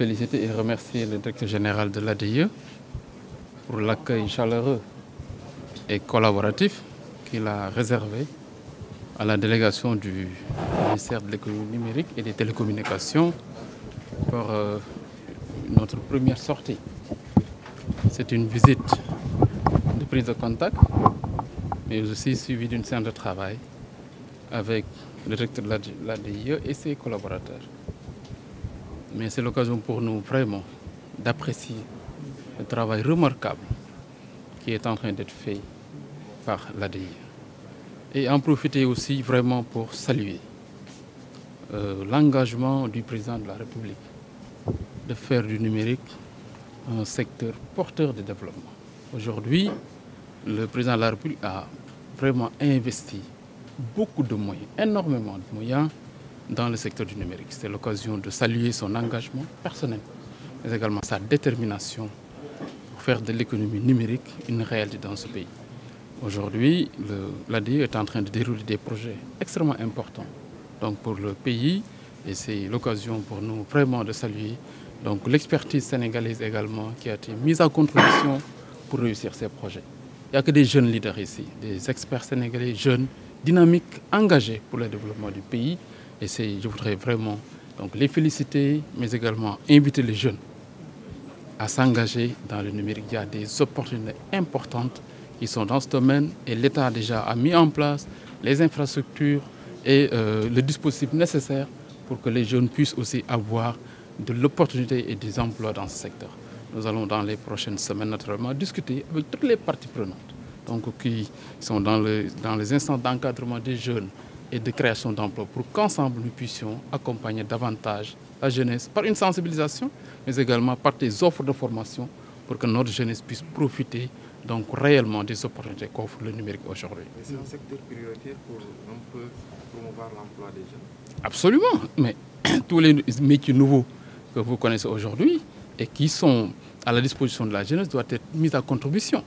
Je féliciter et remercier le directeur général de l'ADIE pour l'accueil chaleureux et collaboratif qu'il a réservé à la délégation du ministère de l'économie numérique et des télécommunications pour euh, notre première sortie. C'est une visite de prise de contact, mais aussi suivie d'une séance de travail avec le directeur de l'ADIE et ses collaborateurs. Mais c'est l'occasion pour nous vraiment d'apprécier le travail remarquable qui est en train d'être fait par l'ADI. Et en profiter aussi vraiment pour saluer euh, l'engagement du président de la République de faire du numérique un secteur porteur de développement. Aujourd'hui, le président de la République a vraiment investi beaucoup de moyens, énormément de moyens dans le secteur du numérique. C'est l'occasion de saluer son engagement personnel, mais également sa détermination pour faire de l'économie numérique une réalité dans ce pays. Aujourd'hui, l'ADI est en train de dérouler des projets extrêmement importants donc pour le pays et c'est l'occasion pour nous vraiment de saluer l'expertise sénégalaise également qui a été mise en contribution pour réussir ces projets. Il n'y a que des jeunes leaders ici, des experts sénégalais jeunes, dynamiques, engagés pour le développement du pays je voudrais vraiment les féliciter, mais également inviter les jeunes à s'engager dans le numérique. Il y a des opportunités importantes qui sont dans ce domaine et l'État a déjà mis en place les infrastructures et les euh, le dispositif nécessaire pour que les jeunes puissent aussi avoir de l'opportunité et des emplois dans ce secteur. Nous allons dans les prochaines semaines naturellement discuter avec toutes les parties prenantes donc, qui sont dans, dans les instances d'encadrement des jeunes, et de création d'emplois pour qu'ensemble nous puissions accompagner davantage la jeunesse par une sensibilisation, mais également par des offres de formation pour que notre jeunesse puisse profiter donc réellement des opportunités qu'offre le numérique aujourd'hui. C'est un secteur prioritaire pour promouvoir l'emploi des jeunes Absolument, mais tous les métiers nouveaux que vous connaissez aujourd'hui et qui sont à la disposition de la jeunesse doivent être mis à contribution.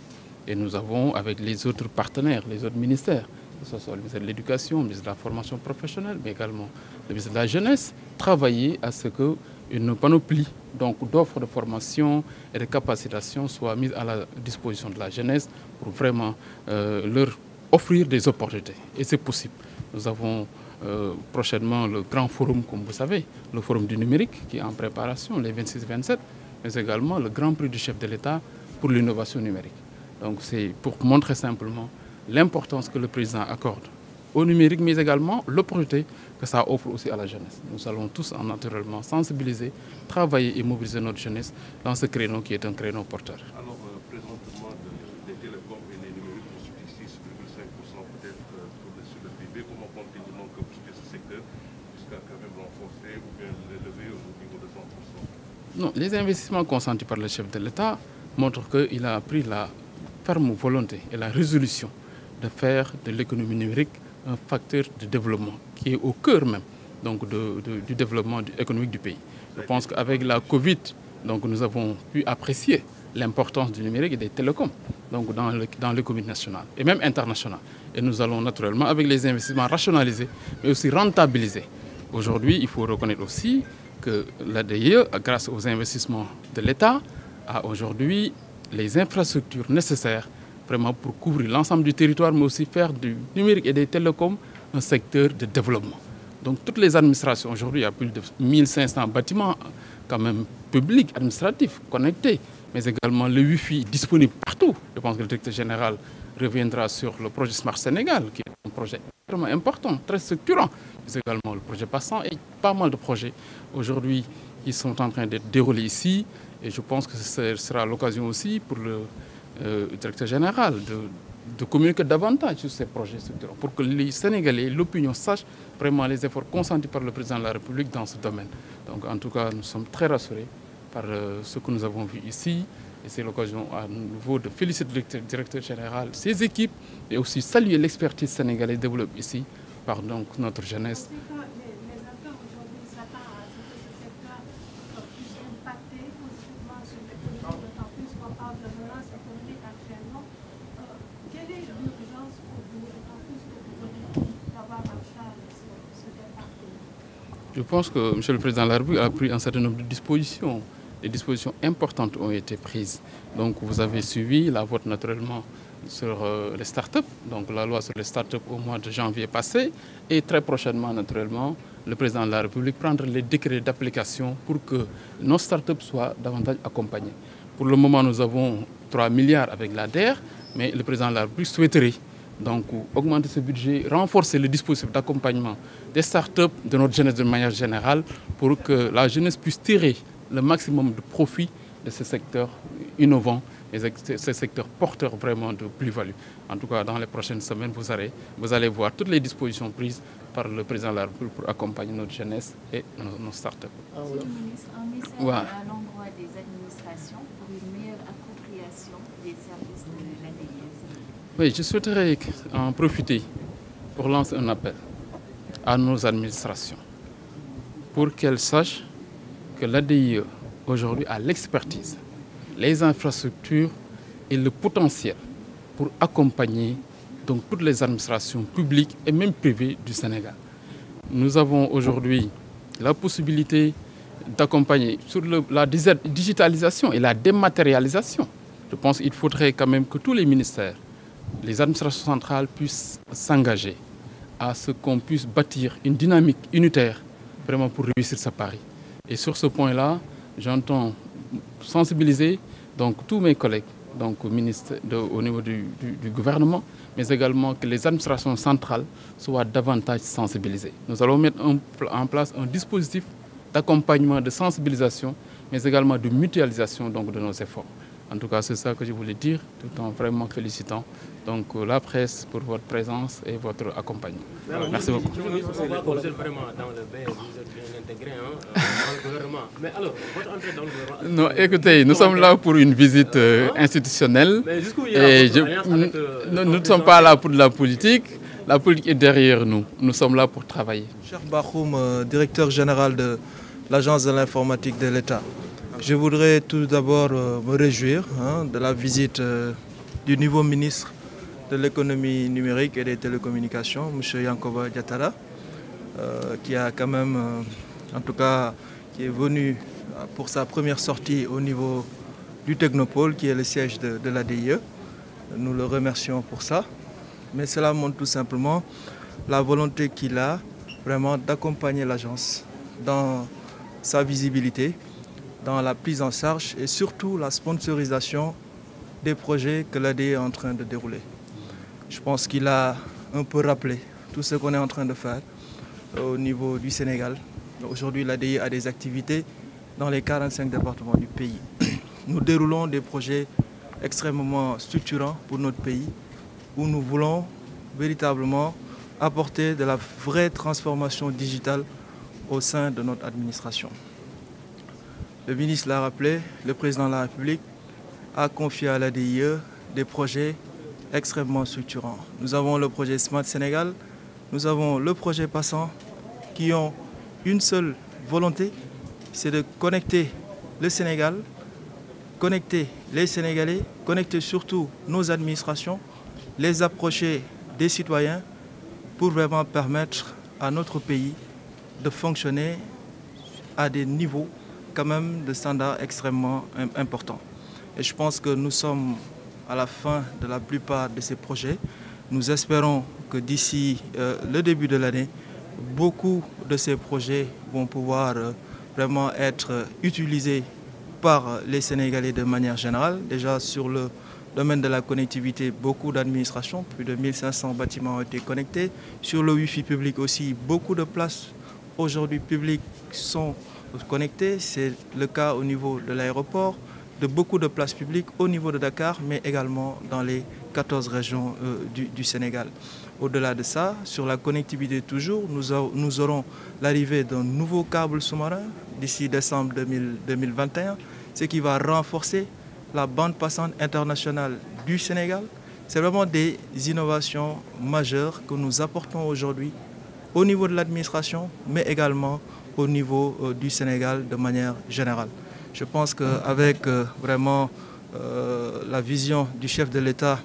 Et nous avons, avec les autres partenaires, les autres ministères, que ce soit le ministère de l'Éducation, le ministère de la Formation professionnelle, mais également le ministère de la Jeunesse, travailler à ce que une panoplie donc d'offres de formation et de capacitation soit mise à la disposition de la jeunesse pour vraiment euh, leur offrir des opportunités. Et c'est possible. Nous avons euh, prochainement le grand forum, comme vous savez, le forum du numérique qui est en préparation, les 26-27, mais également le grand prix du chef de l'État pour l'innovation numérique. Donc c'est pour montrer simplement l'importance que le président accorde au numérique, mais également l'opportunité que ça offre aussi à la jeunesse. Nous allons tous en naturellement sensibiliser, travailler et mobiliser notre jeunesse dans ce créneau qui est un créneau porteur. Alors, euh, présentement, les télécoms et les numériques constituent 6,5% peut-être euh, sur le PIB. Comment comptez-vous donc ce secteur jusqu'à quand même renforcer ou bien l'élever au niveau de 100% Non, les investissements consentis par le chef de l'État montrent qu'il a pris la ferme volonté et la résolution de faire de l'économie numérique un facteur de développement qui est au cœur même donc, du développement économique du pays. Je pense qu'avec la Covid, donc, nous avons pu apprécier l'importance du numérique et des télécoms donc dans, le, dans l'économie nationale et même internationale. Et nous allons naturellement, avec les investissements, rationaliser, mais aussi rentabiliser. Aujourd'hui, il faut reconnaître aussi que l'ADIE, grâce aux investissements de l'État, a aujourd'hui les infrastructures nécessaires vraiment pour couvrir l'ensemble du territoire, mais aussi faire du numérique et des télécoms un secteur de développement. Donc toutes les administrations, aujourd'hui, il y a plus de 1500 bâtiments quand même publics, administratifs, connectés, mais également le Wi-Fi disponible partout. Je pense que le directeur général reviendra sur le projet Smart Sénégal, qui est un projet extrêmement important, très structurant, mais également le projet passant et pas mal de projets aujourd'hui qui sont en train d'être déroulés ici. Et je pense que ce sera l'occasion aussi pour le euh, directeur général, de, communiquer davantage sur ces projets structurants pour que les Sénégalais, l'opinion sache vraiment les efforts consentis par le président de la République dans ce domaine. Donc en tout cas, nous sommes très rassurés par euh, ce que nous avons vu ici. Et c'est l'occasion à nouveau de féliciter le directeur général, ses équipes et aussi saluer l'expertise sénégalaise développée ici par donc, notre jeunesse. Je pense que M. le Président de la République a pris un certain nombre de dispositions. Des dispositions importantes ont été prises. Donc vous avez suivi la vote naturellement sur euh, les startups, donc la loi sur les startups au mois de janvier passé, et très prochainement, naturellement, le président de la République prendra les décrets d'application pour que nos startups soient davantage accompagnées. Pour le moment, nous avons 3 milliards avec l'ADER, mais le président de la République souhaiterait donc, augmenter ce budget, renforcer le dispositif d'accompagnement des startups, de notre jeunesse de manière générale, pour que la jeunesse puisse tirer le maximum de profit de ce secteur innovant et ce secteur porteur vraiment de plus-value. En tout cas, dans les prochaines semaines, vous allez, vous allez voir toutes les dispositions prises par le président de la République pour accompagner notre jeunesse et nos, startups. Ah, l'endroit des administrations pour une meilleure appropriation des services de oui, je souhaiterais en profiter pour lancer un appel à nos administrations pour qu'elles sachent que l'ADIE aujourd'hui a l'expertise, les infrastructures et le potentiel pour accompagner donc toutes les administrations publiques et même privées du Sénégal. Nous avons aujourd'hui la possibilité d'accompagner sur la digitalisation et la dématérialisation. Je pense qu'il faudrait quand même que tous les ministères les administrations centrales puissent s'engager à ce qu'on puisse bâtir une dynamique unitaire vraiment pour réussir ce pari. Et sur ce point-là, j'entends sensibiliser donc, tous mes collègues donc, au, au niveau du, gouvernement, mais également que les administrations centrales soient davantage sensibilisées. Nous allons mettre en place un dispositif d'accompagnement, de sensibilisation, mais également de mutualisation de nos efforts. En tout cas, c'est ça que je voulais dire, tout en vraiment félicitant donc euh, la presse pour votre présence et votre accompagnement. Merci beaucoup. Mais alors, votre dans le Non, écoutez, nous sommes là pour une visite euh, ah. institutionnelle. et euh, Nous ne sommes pas là pour de la politique. La politique est derrière nous. Nous sommes là pour travailler. Cher Bahoum, directeur général de l'Agence de l'informatique de l'État. Je voudrais tout d'abord me réjouir hein, de la visite du nouveau ministre de l'économie numérique et des télécommunications, M. Yankova Diatara, euh, qui a quand même, euh, en tout cas, qui est venu pour sa première sortie au niveau du Technopole, qui est le siège de, de l'ADIE. Nous le remercions pour ça. Mais cela montre tout simplement la volonté qu'il a vraiment d'accompagner l'agence dans sa visibilité, dans la prise en charge et surtout la sponsorisation des projets que l'ADIE est en train de dérouler. Je pense qu'il a un peu rappelé tout ce qu'on est en train de faire euh, au niveau du Sénégal. Aujourd'hui, l'ADI a des activités dans les 45 départements du pays. Nous déroulons des projets extrêmement structurants pour notre pays où nous voulons véritablement apporter de la vraie transformation digitale au sein de notre administration. Le ministre l'a rappelé, le président de la République a confié à l'ADIE des projets extrêmement structurant. Nous avons le projet Smart Sénégal, nous avons le projet Passant, qui ont une seule volonté, c'est de connecter le Sénégal, connecter les Sénégalais, connecter surtout nos administrations, les approcher des citoyens pour vraiment permettre à notre pays de fonctionner à des niveaux quand même de standards extrêmement importants. Et je pense que nous sommes à la fin de la plupart de ces projets. Nous espérons que d'ici euh, le début de l'année, beaucoup de ces projets vont pouvoir euh, vraiment être euh, utilisés par les Sénégalais de manière générale. Déjà sur le domaine de la connectivité, beaucoup d'administrations, plus de 1500 bâtiments ont été connectés. Sur le Wi-Fi public aussi, beaucoup de places aujourd'hui publiques sont connectées. C'est le cas au niveau de l'aéroport de beaucoup de places publiques au niveau de Dakar, mais également dans les 14 régions euh, du, Sénégal. Au-delà de ça, sur la connectivité toujours, nous, aurons l'arrivée d'un nouveau câble sous-marin d'ici décembre 2021, ce qui va renforcer la bande passante internationale du Sénégal. C'est vraiment des innovations majeures que nous apportons aujourd'hui au niveau de l'administration, mais également au niveau euh, du Sénégal de manière générale. Je pense qu'avec euh, vraiment euh, la vision du chef de l'État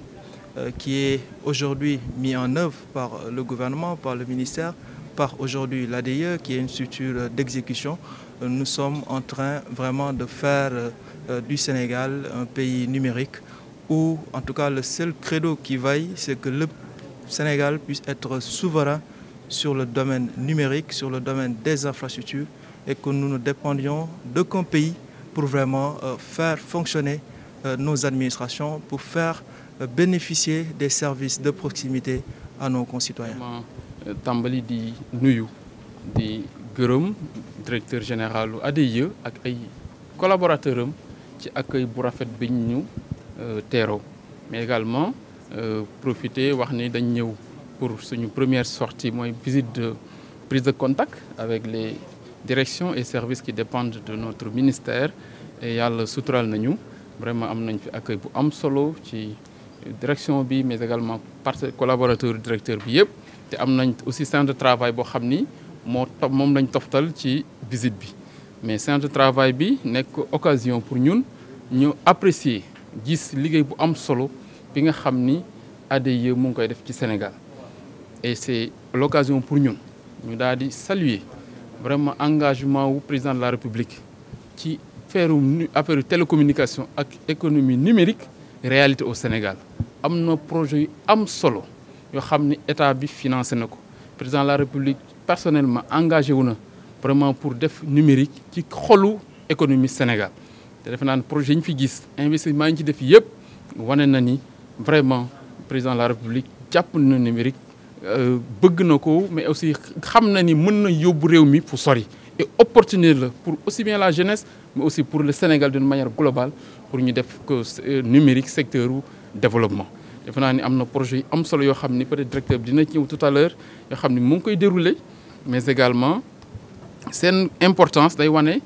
euh, qui est aujourd'hui mis en œuvre par le gouvernement, par le ministère, par aujourd'hui l'ADIE qui est une structure d'exécution, nous sommes en train vraiment de faire du Sénégal un pays numérique où en tout cas le seul credo qui vaille, c'est que le Sénégal puisse être souverain sur le domaine numérique, sur le domaine des infrastructures et que nous ne dépendions d'aucun pays pour vraiment euh, faire fonctionner euh, nos administrations, pour faire euh, bénéficier des services de proximité à nos concitoyens. Tambali di nuyu di gërëm directeur général ADIE ak ay collaborateurs qui ci accueil bu rafet biñ mais également profiter wax ni dañ ñëw pour suñu première sortie une visite de prise de contact avec les direction et services qui dépendent de notre ministère et y Soutral nañu vraiment am nañ fi accueil bu am solo ci direction mais également partenaires collaborateur directeur bi nous te am nañ aussi centre de travail pour nous ni moo total qui lañ toftal visite bi mais centre de travail bi une occasion pour nous, ñu apprécier gis liguey bu am solo bi nga xamni ni nous mu ngi def ci Sénégal et c'est l'occasion pour nous de saluer vraiment engagement au président de la république ci de la télécommunication de économie numérique réalité au Sénégal Il projet am solo yoo qui ni état bi financé Le président de la république personnellement engagé pour vraiment pour def numérique ci xolu économie Sénégal Il un projet qui est investissement qui est ci def yëpp vraiment président de la république jàpp le numérique euh, bëgg na mais aussi xam na ni mën na yóbbu réew sori et opportunité la pour aussi bien la jeunesse mais aussi pour le Sénégal d'une manière globale pour ñu def euh, numérique secteur ou développement defe naa ni am projet yu am solo yoo xam ni peut-être directeur dina ci ñëw tout à l'heure yoo xam ni mu koy dérouler mais également seen importance day wane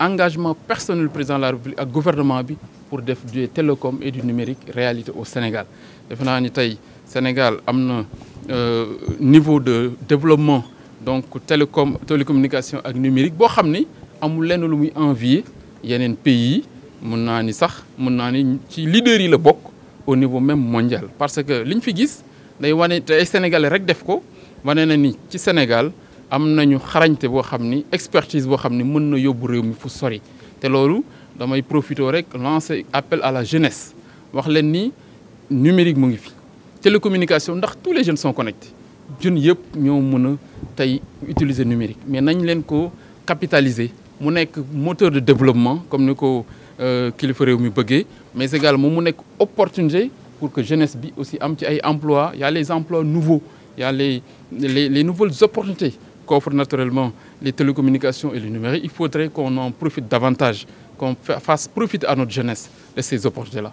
engagement personnel président de la République ak gouvernement bi pour def du télécom et du numérique réalité au Sénégal defe naa ni tey Sénégal am euh, niveau de développement donc télécom télécommunication ak numérique bo xamni ni amul lenn lu muy envier yenen pays yi mun ni sax mun naa ni ci leader yi la bok au niveau même mondial. parce que liñ fi gis day wane té sénégalais rek def ko wane na ni ci Sénégal am nañu xarañte bo xamni ni expertise bo xamni ni mën na yóbbu réew mi fu sori té lolu damay profito rek lancer appel à la jeunesse wax len ni numérique mo ngi fi. Télécommunications, tous les jeunes sont connectés jeunes utilisons ñoo numérique mais nous devons ko capitaliser mu un moteur de développement comme nous le ferions au mi mais également mu opportunité pour que jeunesse bi aussi emploi, ci y a les emplois nouveaux y a les nouvelles opportunités qu'offrent naturellement les télécommunications et le numérique il faudrait qu'on en profite davantage qu'on fasse profiter à notre jeunesse de ces opportunités là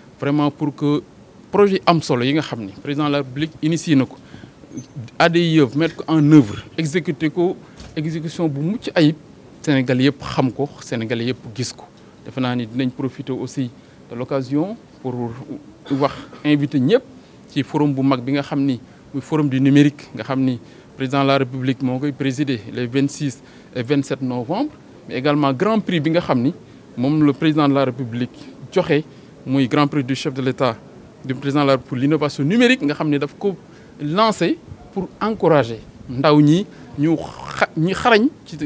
vraiment pour que projet am solo yi président de la République initié na mis mettre en œuvre exécuter ko exécution bu mucc ayib Sénégalais yépp xam ko Sénégal yépp gis ko def profiter aussi de l'occasion pour wax invité ñëpp ci forum bu mag bi nga forum du numérique nga président de la République mo koy présider les 26 et 27 novembre mais également grand prix bi nga le président de la République joxé muy grand prix du chef de l'État du président de pour l'innovation numérique nga xam daf ko lancer pour encourager ndaw ñi ñu ñi xarañ ci te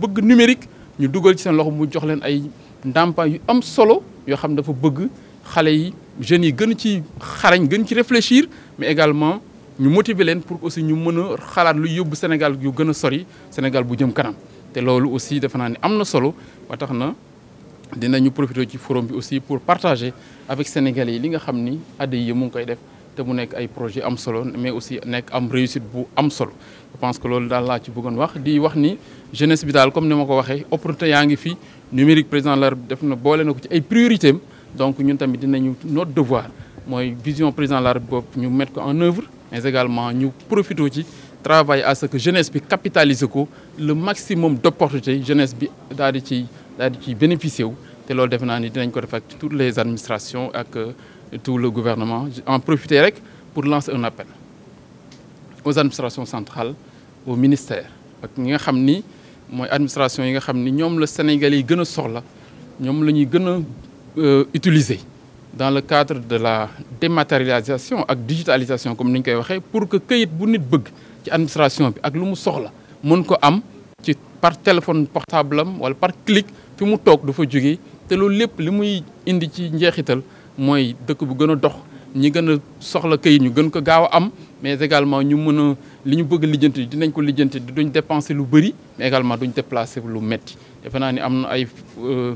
bëgg numérique ñu duggal ci sen loxo mu jox leen ay ndampa yu am solo yo xam dafa bëgg xalé yi jeune yi gën ci xarañ gën ci réfléchir mais également ñu motiver leen pour aussi ñu mëna xalaat lu yobbu Sénégal yu gën sori Sénégal bu jëm kanam té loolu aussi dafa naa ne am solo ba tax na dinañu profiter ci forum bi aussi pour partager avec sénégalais li nga xamni ni ADIE mu ngi def te mu nek ay projet am solo mais aussi nek am réussite bu am solo je pense que lolu dal la ci bëggoon wax di wax ni jeunesse vital comme ni ma ko waxee opportunité ya ngi fi numérique président la def na bolé na ko ci ay priorité donc ñun tamit dinañu notre devoir moy vision président la bop ñu mettre ko en œuvre mais également ñu profiter ci travail à ce que jeunesse bi capitalise ko le maximum d'opportunités jeunesse bi dal ci qui di Et bénéficier wu te toutes les administrations et euh, tout le gouvernement en profiter pour lancer un appel aux administrations centrales aux ministères. Nous ñi nga les administrations, administration Sénégalais yi sont euh, dans le cadre de la dématérialisation et digitalisation comme digitalisation pour que les bu nit bëgg ci administration bi ak par téléphone portable ou par clic fi mu toog du fa jóge te loolu lépp li muy indi ci njeexital mooy dëkk bu gën a dox ñi gën a soxla kayit ñu gën ko gaaw a am mais également ñu mën a li ñu bëgg lijjanti dinañ ko lijjanti duñ dépenser lu bëri mais également duñ déplacer lu metti defe naa ni am na ay euh,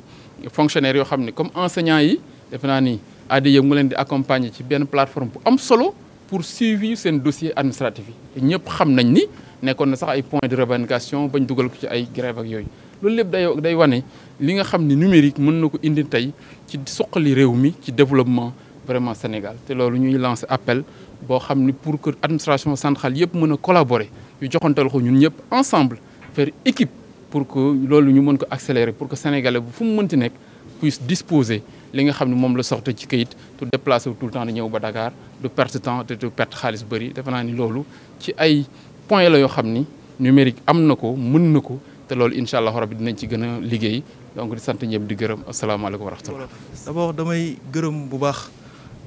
fonctionnaires yoo xam ne comme enseignant yi defe naa ni ADIE mu leen di accompagner ci benn plateforme bu am solo pour suivi seen dossier administratif yi te ñëpp xam nañ ni nekkoon na sax ay points de revendication bañ dugal ko ci ay grève ak yooyu loolu lépp day day li nga xam numérique mën na ko indi tey ci suqali réew ci développement vraiment Sénégal te loolu ñuy lancer appel boo xam pour que administration centrale yëpp mën a collaborer ñu joxantal ko ñun ñëpp ensemble faire équipe pour que loolu ñu mën ko accélérer pour que sénégalais bu fu mu mënti nekk puisse disposer li nga xam ne moom la soxla ci kayit tu déplacer tout le temps di ñëw ba Dakar du perte temps de du perte xaalis bëri defe naa ni loolu ci ay point la yoo xam numérique am na ko ko te loolu incha allah rabbi dinañ ci gëna a liggéey donc di sant ñëpp di gërëm alaykum wa rahmatullah. d'abord damay gërëm bu baax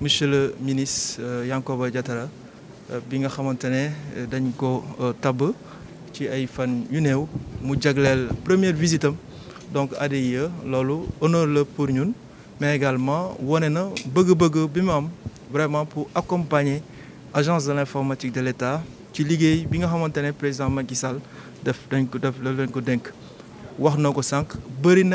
monsieur le ministre euh, Yankoba Diatara euh, bi nga xamantene euh, dañ ko tab ci ay fan yu néew mu jaglel première visite am donc ADIE loolu honneur la pour ñun mais également wane na bëgg-bëgg bi mu am vraiment pour accompagner agence de l'informatique de l'État ci liggéey bi nga xamantene président Macky Sall def dañ ko def la leen ko dénk wax na ko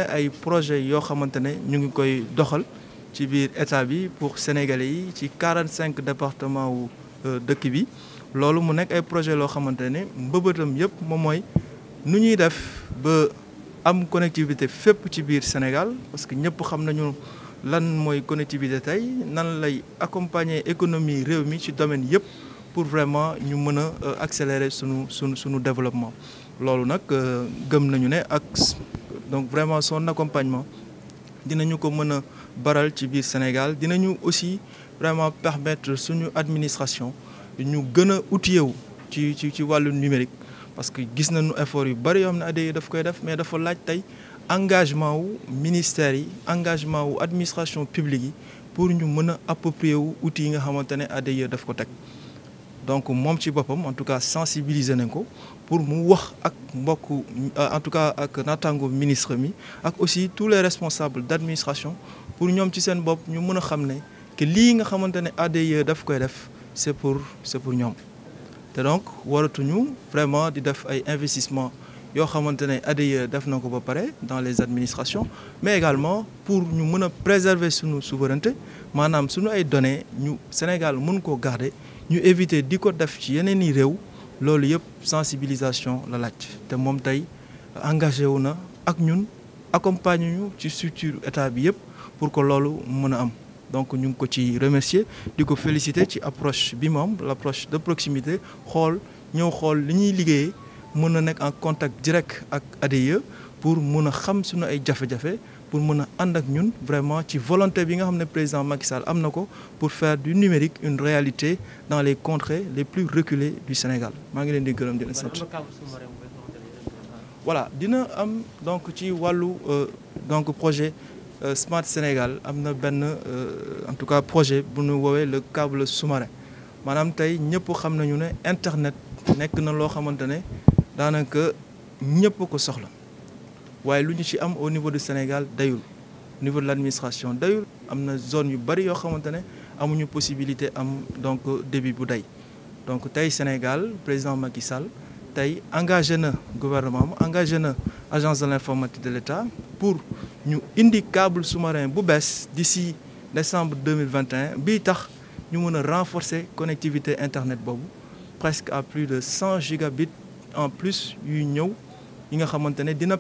ay projet yoo xamante ñu ngi koy doxal ci biir état bi pour sénégalais yi ci 45 départements département wu euh, dëkk bi loolu mu nekk ay projet lo xamantene ne yépp yëpp moy nu ñuy def ba am connectivité fépp ci biir Sénégal parce que ñëpp xam nañu lan moy connectivité tay nan lay accompagner économie réew mi ci domaine yépp pour vraiment ñu mën a euh, accélérer sunu sunu sunu développement loolu nag euh, gëm nañu ne ak donc vraiment son accompagnement dinañu ko mëna baral ci biir Sénégal dinañu aussi vraiment permettre suñu administration ñu gëna a outillé wu ci ci ci walu numérique parce que gis nañu effort yu bari yo xamna ne daf koy def mais dafa laaj tay engagement wu ministère yi engagement wu administration publique yi pour ñu mëna approprier wu outil yi nga xamantene ne daf ko tek donc mon ci papa en tout cas sensibiliser nañ pour mu wax ak mbokku euh, en tout cas ak natango ministre mi ak aussi tous les responsables d'administration pour ñom ci sen bop ñu mëna xamné que li nga xamante ne daf koy def c'est pour c'est pour ñom té donc ñu vraiment di def ay investissement yo xamante ne daf nako ba paré dans les administrations mais également pour ñu mëna préserver notre souveraineté manam suñu ay données ñu Sénégal mën ko garder ñu éviter di ko def ci yeneen i réew loolu yëpp sensibilisation la laaj te moom tey engagé wu na ak ñun accompagne ñu ci structure état bi yëpp pour que loolu mën am donc ñu ngi ko ci remercier di ko féliciter ci approche bi moom l'approche de proximité xool ñëw xool li ñuy liggéeyee mën a en contact direct ak ADIE pour mën a xam suñu ay jafe-jafe pour mën andak ñun vraiment ci volonté bi nga xam président Macky Sall am pour faire du numérique une réalité dans les contrées les plus reculées du Sénégal voilà dina am donc ci walu euh, donc projet euh, Smart Sénégal amna ben euh, en tout cas projet bu ñu wowe le câble sous-marin Madame tay ñëpp xamnañu né internet nek na lo xamantene dans daanaka ñëpp ko soxla au niveau du Sénégal Au niveau de l'administration D'ailleurs, la zone yu bari yoo nous amuñu possibilité de donc débit bu donc le Sénégal président Macky Sall a engagé le gouvernement l'Agence engagé de l'informatique de l'État pour indiquer les câble sous-marin bu d'ici décembre 2021 Nous avons renforcé la connectivité internet presque à plus de 100 gigabits en plus yi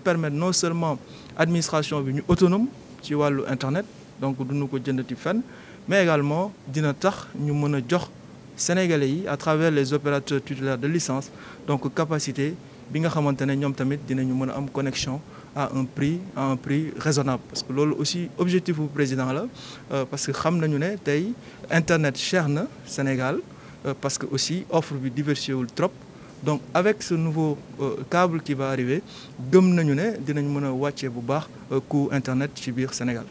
permettre non seulement administration bi autonome ci internet donc ko jëndati mais également dina tax ñu mëna sénégalais à travers les opérateurs titulaires de licence donc capacité bi nga xamantene ñom connexion à un prix à un prix raisonnable parce que aussi objectif du président là, euh, parce que xam nañu né tay internet cher na Sénégal euh, parce que aussi offre bi diversifié trop donc avec ce nouveau euh, câble qui va arriver nous allons pouvoir dinañ mën a bu baax euh, internet Sénégal